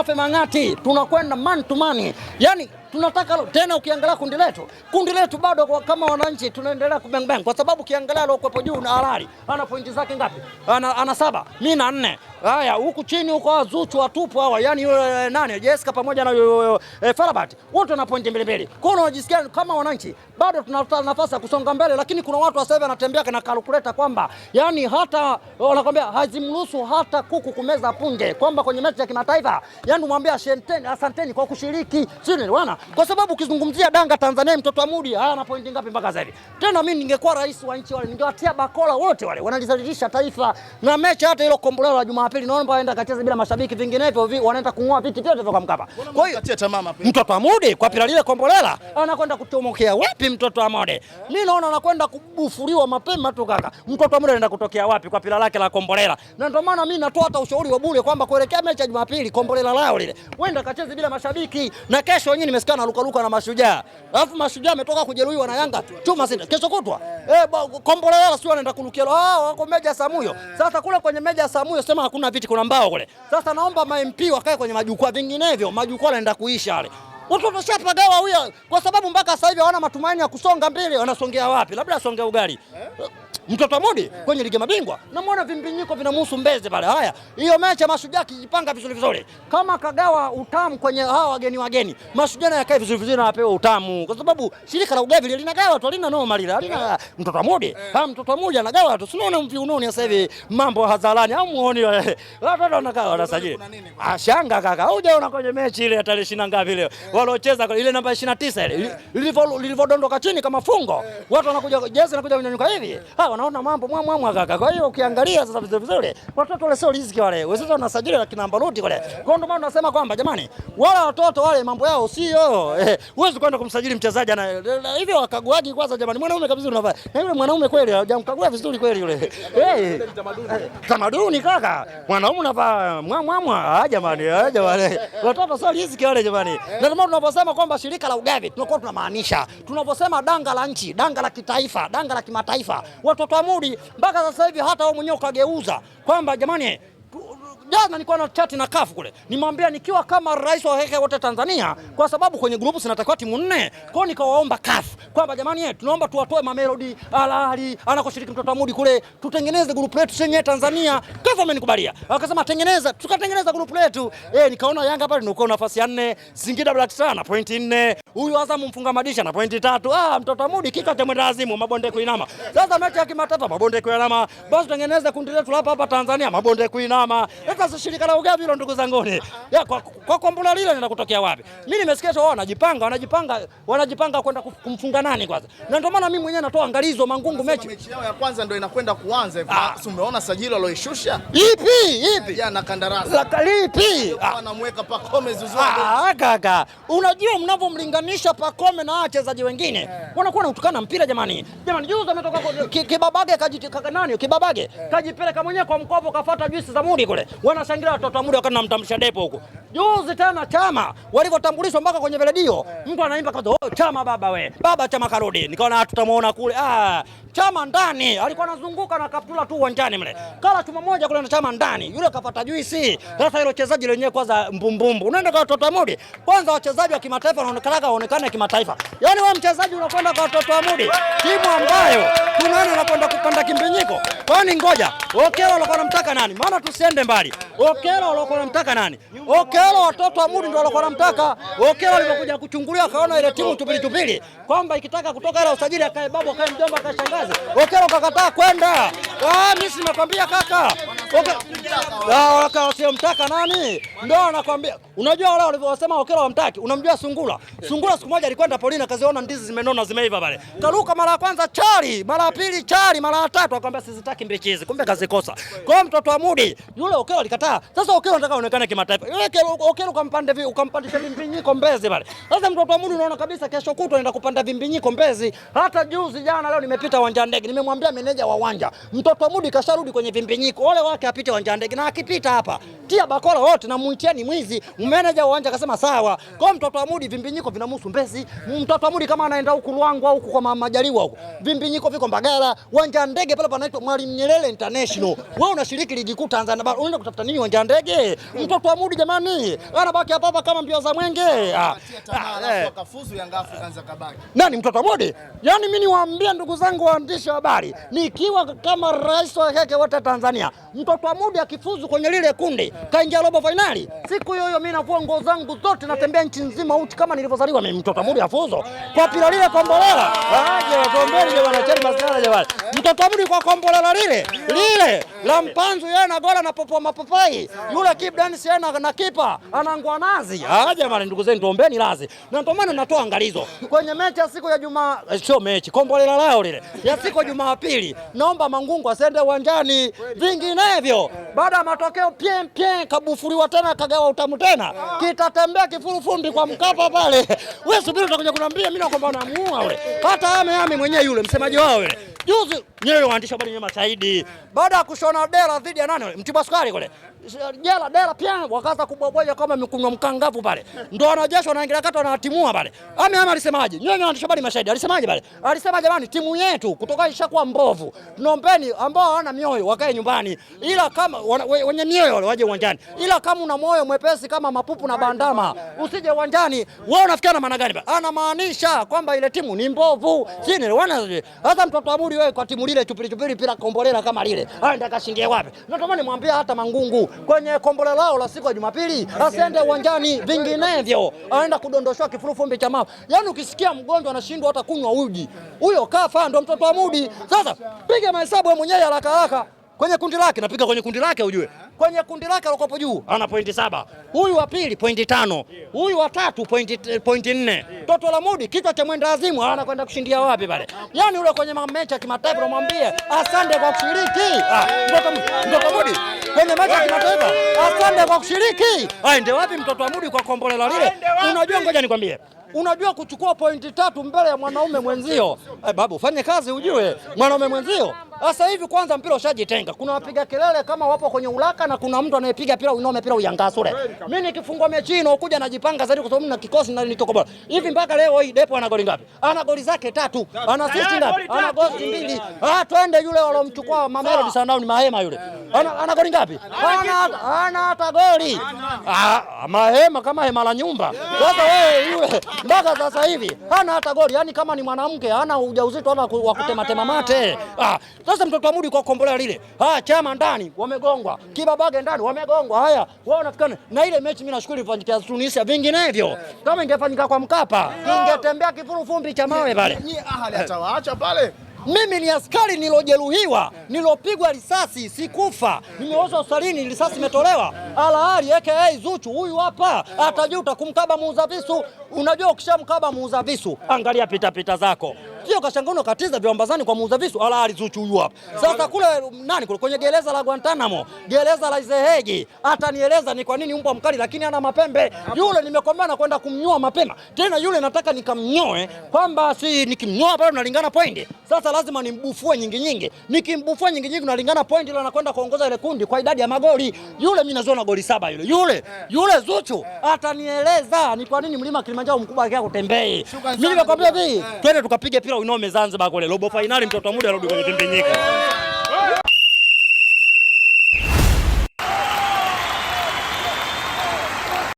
Mangafe Mang'ati, tunakwenda man to man, yani tunataka tena. Ukiangalia kundi letu, kundi letu bado kama wananchi tunaendelea kubeng kwa sababu ukiangalia aliokuwepo juu na halali ana pointi zake ngapi? Ana, ana saba, mimi na nne. Haya, huku chini huko Zuchu watupu hawa, yani yule eh, nani Jessica pamoja na e, Farabat wote wana pointi mbili mbili. Kwa hiyo unajisikia kama wananchi bado tunatafuta nafasi ya kusonga mbele, lakini kuna watu sasa hivi wanatembea kana kalkuleta kwamba yani hata wanakwambia hazimruhusu hata kuku kumeza punje, kwamba kwenye mechi ya kimataifa yani umwambia asanteni, asanteni kwa kushiriki, sio bwana, kwa sababu ukizungumzia danga Tanzania mtoto wa mudi haya na pointi ngapi mpaka sasa hivi? Tena mimi ningekuwa rais wa nchi wale ningewatia bakola wote wale wanalizalisha taifa na mechi hata ile komboleo la Jumaa pili naomba aende akacheze bila mashabiki, vinginevyo vi, wanaenda kung'oa viti vyote vya Mkapa. Kwa hiyo mtoto amude kwa pila lile kombolela anakwenda kutomokea wapi? Mtoto amude mimi eh. naona anakwenda kubufuliwa mapema tu kaka. Mtoto amude anaenda kutokea wapi kwa pila lake la kombolela? Na ndio maana mimi natoa hata ushauri wa bure kwamba kuelekea mechi ya Jumapili kombolela lao lile, wenda kacheze bila mashabiki, na kesho wenyewe nimesikia na luka luka na mashujaa, alafu mashujaa ametoka kujeruhiwa na Yanga chuma sita kesho kutwa eh, eh kombolela sio anaenda kulukia, ah wako meja Samuyo. Sasa kule kwenye meja Samuyo sema hakuna hakuna viti, kuna mbao kule. Sasa naomba ma MP wakae kwenye majukwaa, vinginevyo majukwaa yanaenda kuisha yale. Watu washapagawa huyo, kwa sababu mpaka sasa hivi hawana matumaini ya kusonga mbele. Wanasongea wapi? Labda asongea ugali eh? Mtoto Mudi yeah. kwenye ligi mabingwa namwona vimbinyiko vinamhusu Mbeze pale. Haya, hiyo mechi Mashujaa kijipanga vizuri vizuri, kama kagawa utamu kwenye hawa wageni wageni, Mashujaa yakae vizuri vizuri na apewe utamu, kwa sababu shirika la ugavi linagawa tu, halina noma lile, yeah. mtoto Mudi. yeah. Ha, mtoto Mudi anagawa tu, sinaona mvi unoni sasa hivi mambo hadharani, au muoni watoto wanagawa wanasajili ashanga kaka, hujaona kwenye mechi ile ya tarehe ishirini na ngapi leo eh. waliocheza ile namba 29 ile yeah. lilivodondoka chini kama fungo, yeah. watu wanakuja jezi nakuja kunyanyuka hivi hawa eh wanaona mambo mwa mwa mwa kaka. Kwa hiyo ukiangalia sasa vizuri vizuri, watoto wale sio riziki wale, sasa wanasajili na kina Mbaruti wale. Kwa hiyo ndio maana tunasema kwamba jamani, wala watoto wale mambo yao sio eh, huwezi kwenda kumsajili mchezaji na hivyo wakaguaji kwanza. Jamani, mwanaume kabisa unafaa na yule mwanaume kweli hajamkagua vizuri kweli yule, eh tamaduni kaka, mwanaume unafaa mwa. Ah jamani, ah jamani, watoto sio riziki wale jamani. Na ndio maana tunaposema kwamba shirika la ugavi tunakuwa tunamaanisha tunaposema danga la nchi, danga la kitaifa, danga la kimataifa watu watoto wa Mudi mpaka sasa hivi hata wao mwenyewe ukageuza kwamba jamani, Jana nilikuwa na chat na kafu kule, nimwambia nikiwa kama rais wa hehe wote Tanzania, kwa sababu kwenye grupu sinatakiwa timu nne. kwao, hiyo nikawaomba kafu kwamba jamani, yetu eh, tunaomba tuwatoe Mamelodi Alali anakoshiriki mtoto Amudi kule, tutengeneze grupu letu senye Tanzania. Kafu amenikubalia akasema tengeneza, tukatengeneza grupu letu. Eh, nikaona Yanga pale ndio nafasi ya nne, Singida Black Stars na pointi nne, huyu Azamu mfunga madisha na pointi tatu. Ah, mtoto Amudi kika cha mwenda azimu, mabonde kuinama. Sasa mechi ya kimataifa mabonde kuinama, basi tutengeneze kundi letu hapa hapa Tanzania, mabonde kuinama sasa shirika la ugavi hilo ndugu uh-huh. Ya kwa kwa kombula lile linakutokea wapi? Uh-huh. Mimi nimesikia wao wanajipanga wanajipanga wanajipanga kwenda kumfunga nani kwanza, na ndio maana mimi mwenyewe natoa angalizo mangungu. Mechi mechi yao ya kwanza ndio inakwenda kuanza hivi, ah. umeona sajili aloishusha ipi ipi Ya jana, kandarasi lipi ah. anamweka Pacome Zouzoua. Ah, Kaka unajua mnavyomlinganisha Pacome na wachezaji wengine eh. wanakuwa nautukana mpira jamani, jamani, juzi ametoka kibabage kajitikakanani kibabage eh. kajipeleka mwenyewe kwa mkopo kafuata juisi za mudi kule wanashangilia watoto wa muda wakati namtamsha Depo huko juzi tena, chama walivyotambulishwa mpaka kwenye redio, eh. mtu anaimba kwanza, oh, chama baba we baba chama karudi. Nikaona ah, tutamuona kule, ah, chama ndani alikuwa anazunguka na kaptula tu uwanjani mle, eh. kala chuma moja kule na chama ndani, yule kapata juisi. Eh. Sasa ile wachezaji wenyewe kwanza mbumbumbu, unaenda kwa watoto wa muda kwanza, wachezaji wa kimataifa wanaonekana waonekane kimataifa. Yani wewe mchezaji unakwenda kwa watoto wa muda, timu ambayo tunaona anakwenda kupanda kimbinyiko. Kwani ngoja okay, walikuwa wanamtaka nani? Maana tusiende mbali okelo walikuwa wanamtaka nani? okelo watoto wa Mudi ndio walikuwa wanamtaka. Okelo alipokuja kuchungulia akaona ile timu tupili tupili kwamba ikitaka kutoka ile usajili akae babu akae mjomba akashangaza. Okelo kakataa kwenda. Ah, mimi sinakwambia kaka wasiyemtaka nani? Ndio anakwambia. Unajua wale walivyosema Okelo wamtaki, unamjua Sungula? Sungula siku moja alikwenda polini, akaziona ndizi zimenona zimeiva pale, karuka mara ya kwanza chali, mara ya pili chali, mara ya tatu akamwambia sizitaki mbichi hizi, kumbe kazikosa. Kwa hiyo mtoto wa Mudi yule Okelo alikataa. Sasa Okelo anataka aonekane kimataifa, Okelo ukampande vi ukampandisha vimbinyiko Mbezi pale. Sasa mtoto wa Mudi unaona kabisa kesho kutwa anaenda kupanda vimbinyiko Mbezi. Hata juzi jana, leo nimepita uwanja ndege, nimemwambia meneja wa uwanja, mtoto wa Mudi kasharudi kwenye vimbinyiko wale wa wake apite uwanja ndege, na akipita hapa tia bakora wote na muitieni mwizi. Meneja uwanja akasema sawa. Kwa mtoto wa Mudi vimbinyiko vinamhusu Mbezi, mtoto wa Mudi kama anaenda huku au huku kwa mama Majaliwa huko, vimbinyiko viko Mbagala, uwanja ndege pale panaitwa Mwalimu Nyerere International. Wewe unashiriki ligi kuu Tanzania bara unaenda kutafuta nini uwanja ndege? Mtoto wa Mudi jamani, anabaki hapa hapa kama mbio za mwenge. Ah, eh. Nani mtoto wa Mudi? Yaani mimi niwaambie ndugu zangu waandishi wa habari, nikiwa kama rais wa keke wote Tanzania mtoto mtoto wa Mudi akifuzu kwenye lile kundi eh. kaingia robo fainali, eh. siku hiyo hiyo mimi navua nguo zangu zote, natembea nchi nzima uti kama nilivyozaliwa mimi. Mtoto wa Mudi afuzu eh. kwa pira lile kombolela, mtoto wa Mudi kwa kombolela lile lile la mpanzu, yeye na gola na popo mapapai, yule kip dance yeye na kipa anangwa nazi. aje jamani, ndugu zenu tuombeni lazi, na ndio maana natoa angalizo kwenye mechi ya siku ya juma sio mechi kombolela lao lile ya siku ya Jumapili, naomba Mangungu asende uwanjani, vinginevyo navyo eh. baada ya matokeo pien pien, kabufuliwa tena kagawa utamu tena, ah. kitatembea kifurufumbi kwa Mkapa pale. Wewe subiri, utakuja kunambia mimi na kwamba unamuua wewe, hata ame ame mwenyewe yule msemaji wao yule juzi nyewe waandisha bali nyewe mashahidi, eh. baada ya kushona dera dhidi ya nani, Mtibwa Sukari kule jela dela pia wakaza kubwabwaja kama mikunywa mkangavu pale, ndo wanajeshi wanaingilia kata wanatimua pale. Ame ama alisemaje? Nyinyi waandishi habari mashahidi, alisemaje pale? Alisema jamani, timu yetu kutoka ishakuwa mbovu, tunaombeni ambao hawana mioyo wakae nyumbani, ila kama wenye mioyo wale waje uwanjani, ila kama una moyo mwepesi kama mapupu na bandama usije uwanjani. Wewe unafikia na maana gani pale? Anamaanisha kwamba ile timu ni mbovu, sini wana hata mtoto amuri wewe kwa timu lile chupili chupili pila kombolela kama lile aenda kashingie wapi? Ndio maana hata Mangungu kwenye kombole lao la siku ya Jumapili, asiende uwanjani, vinginevyo aenda kudondoshwa kifurufumbi cha mafu. Yaani ukisikia mgonjwa anashindwa hata kunywa uji, huyo kafa, ndo mtoto wa Mudi. Sasa piga mahesabu wewe mwenyewe haraka haraka kwenye kundi lake napiga kwenye kundi lake, ujue kwenye kundi lake alikopo juu ana pointi saba, huyu wa pili pointi tano, huyu wa tatu pointi pointi nne. Toto la Mudi kichwa cha mwenda azimu ana kwenda kushindia wapi pale? Yani ule kwenye mamechi ya kimataifa unamwambia asante kwa kushiriki. Ah, Mudi kwenye mechi ya kimataifa. Asante kwa kushiriki. Aende wapi mtoto wa Mudi kwa kombolela lile? Unajua, ngoja nikwambie Unajua kuchukua pointi tatu mbele ya mwanaume mwenzio, Hey, eh, babu fanye kazi ujue mwanaume mwenzio. Sasa hivi kwanza mpira ushajitenga, kuna wapiga kelele kama wapo kwenye ulaka na kuna mtu anayepiga pira unaome pira uyangasure. Mimi nikifungua mechi hii na nakuja najipanga zaidi kwa sababu na kikosi na nitoko bora. Hivi mpaka leo hii Depo ana goli ngapi? Ana goli zake tatu. Ana assist ngapi? Ana goli mbili. Ah, twende yule walomchukua ni sanao ni Mahema yule. Ana ana goli ngapi? Ana ana hata goli. Ah, Mahema kama hema la nyumba. Sasa wewe yule mpaka sasa hivi hana hata goli. Yani kama ni mwanamke hana ujauzito hata wa kutematema mate. Ah, sasa mtoto wa Mudi kwa Kombolea lile. Ah, chama ndani wamegongwa, kibabage ndani wamegongwa. Haya, wao nafikana na ile mechi, mimi nashukuru ifanyike Tunisia, vinginevyo kama ingefanyika kwa Mkapa ingetembea kifurufumbi cha mawe pale. Ni ahali atawaacha pale. Mimi ni askari nilojeruhiwa, nilopigwa risasi, sikufa, nimeoshwa usalini, risasi imetolewa. Ala Ali aka Zuchu huyu hapa atajuta kumkaba muuza visu. Unajua ukishamkaba muuza visu, angalia pitapita pita zako. Sio kashangono katiza viwambazani kwa muuza visu ala alizuchu huyu hapa. Sasa kule nani kule kwenye gereza la Guantanamo, gereza la Izehegi, atanieleza ni kwa nini mbwa mkali lakini ana mapembe. Yule nimekwambia na kwenda kumnyoa mapema. Tena yule nataka nikamnyoe kwamba si nikimnyoa pale tunalingana pointi. Sasa lazima nimbufue nyingi nyingi. Nikimbufua nyingi nyingi tunalingana pointi ile anakwenda kuongoza ile kundi kwa idadi ya magoli. Yule mimi nazoona goli saba yule. Yule yule Zuchu atanieleza ni kwa nini mlima Kilimanjaro mkubwa kia kutembei. Mimi nimekwambia hivi, twende tukapiga kila uinome Zanzibar kule robo finali, mtoto wa muda anarudi kwenye pembenyika.